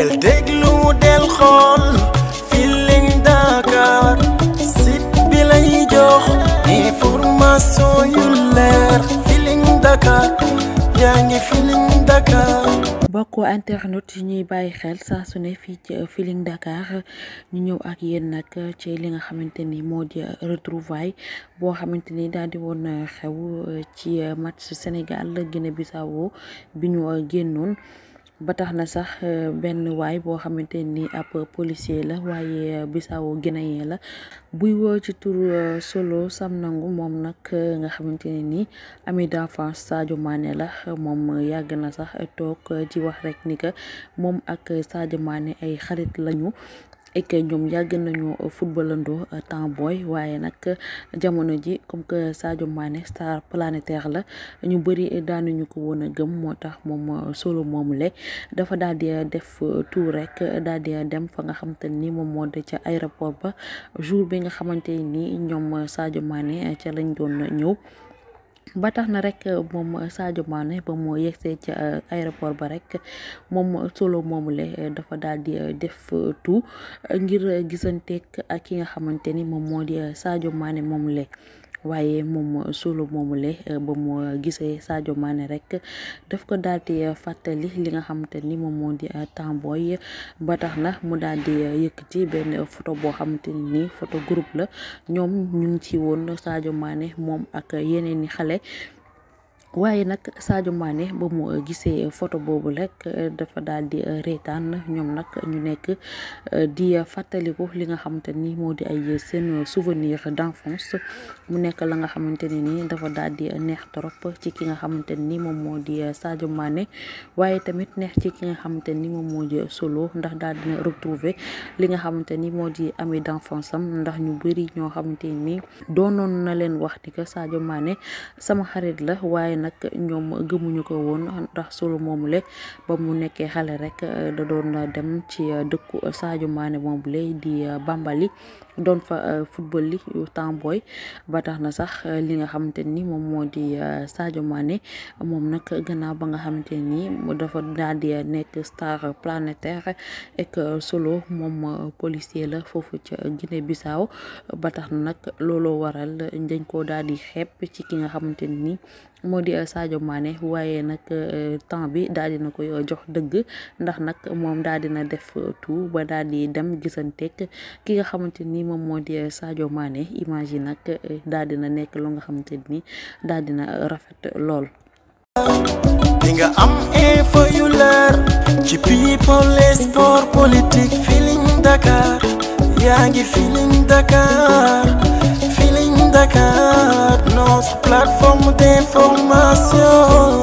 del déglu del xool Feeling Dakar site bi lay jox information yu leer Feeling Dakar yaa ngi Feeling Dakar mbokk internet yi ñuy bàyyi xel saa su ne fii ci Feeling Dakar ñu ñëw ak yenn nag ci li nga xamante ni moo di retrouvaille boo xamante ni daal di woon xew ci match Sénégal Guinée Bissau bi ñu génnoon ba tax na sax eh, benn waay boo xamante ni ab policier la waaye Bissau Guinéen la buy woo ci tur eh, solo sam nangu moom nag eh, nga xamante ne nii ami d'enfance Sadio maane la moom yàgg na sax toog ci wax rek ni que moom ak Sadio Mané ay xarit lañu. et que ñoom yàgg nañu footballandoo euh, temps booy waaye nag jamono ji comme que Sadio Mané star planétaire la ñu bëri daanuñu ko woon a gëm moo tax moom euh, solo moomu le dafa daal di def euh, tout rek daal di dem fa nga xamante ni moom moo ca aéroport ba jour bi nga xamante ni ñoom Sadio Mané ca lañ doon ñëw. ba tax na rek euh, moom euh, Sadio Mané ba mu yegsee ca euh, aéroport ba rek moom solo moomule dafa daal di def tout ngir gisanteek ak ki nga xamante ni moom moo di Sadio Mané moomule. waaye moom solo moomule euh, ba mu gisee Sadio maane rek daf ko daal di euh, fàttali li nga xamante ni moom moo di euh, Tamboy ba tax na mu daal di yëkk ci benn photo boo xamante ni photo groupe la ñoom ñu ngi ci woon Sadio maane moom ak yeneen i xale. waaye nag Sadio Mané ba mu gisee photo boobu rek dafa daal di reetaan ñoom nag ñu nekk eh, di fàttaliku li nga xamante ni moo di ay seen souvenir d'enfance mu nekk la nga xamante ne ni dafa daal di neex trop ci ki nga xamante ni moom moo di Sadio Mané waaye tamit neex ci ki nga xamante ni moom moo di solo ndax daal dina retrouver li nga xamante ni moo di ami d'enfance am ndax ñu bëri ñoo xamante doo noonu na leen wax ni que Sadio sama xarit la waaye. nag ñoom gëmuñu ko woon ndax solo moomule ba mu nekkee xale rek eh, da doon dem ci eh, dëkku Sadio moom moomule di eh, Bambali doon fa football li Tambooy ba tax na sax li nga xamante ni moom moo di Sadio Mané moom nag gannaaw ba nga xamante ni dafa daal di nekk star planétaire ek solo moom policier la foofu ci Guinée Bissau ba tax na nag looloo waral dañ ko daal di xeeb ci ki nga xamante ni moo di eh, Sadio Mané waaye nag eh, temps bi daal dina koy eh, jox dëgg ndax nag moom daal dina def tout ba daal di dem gisanteeg ki nga xamante ni moom moo di Sadio Mané image yi nag daal dina nekk lu nga xamante ni daal dina rafet lool. di nga am info yu leer ci people et sport politique Feeling Dakar yaa ngi Feeling Dakar. information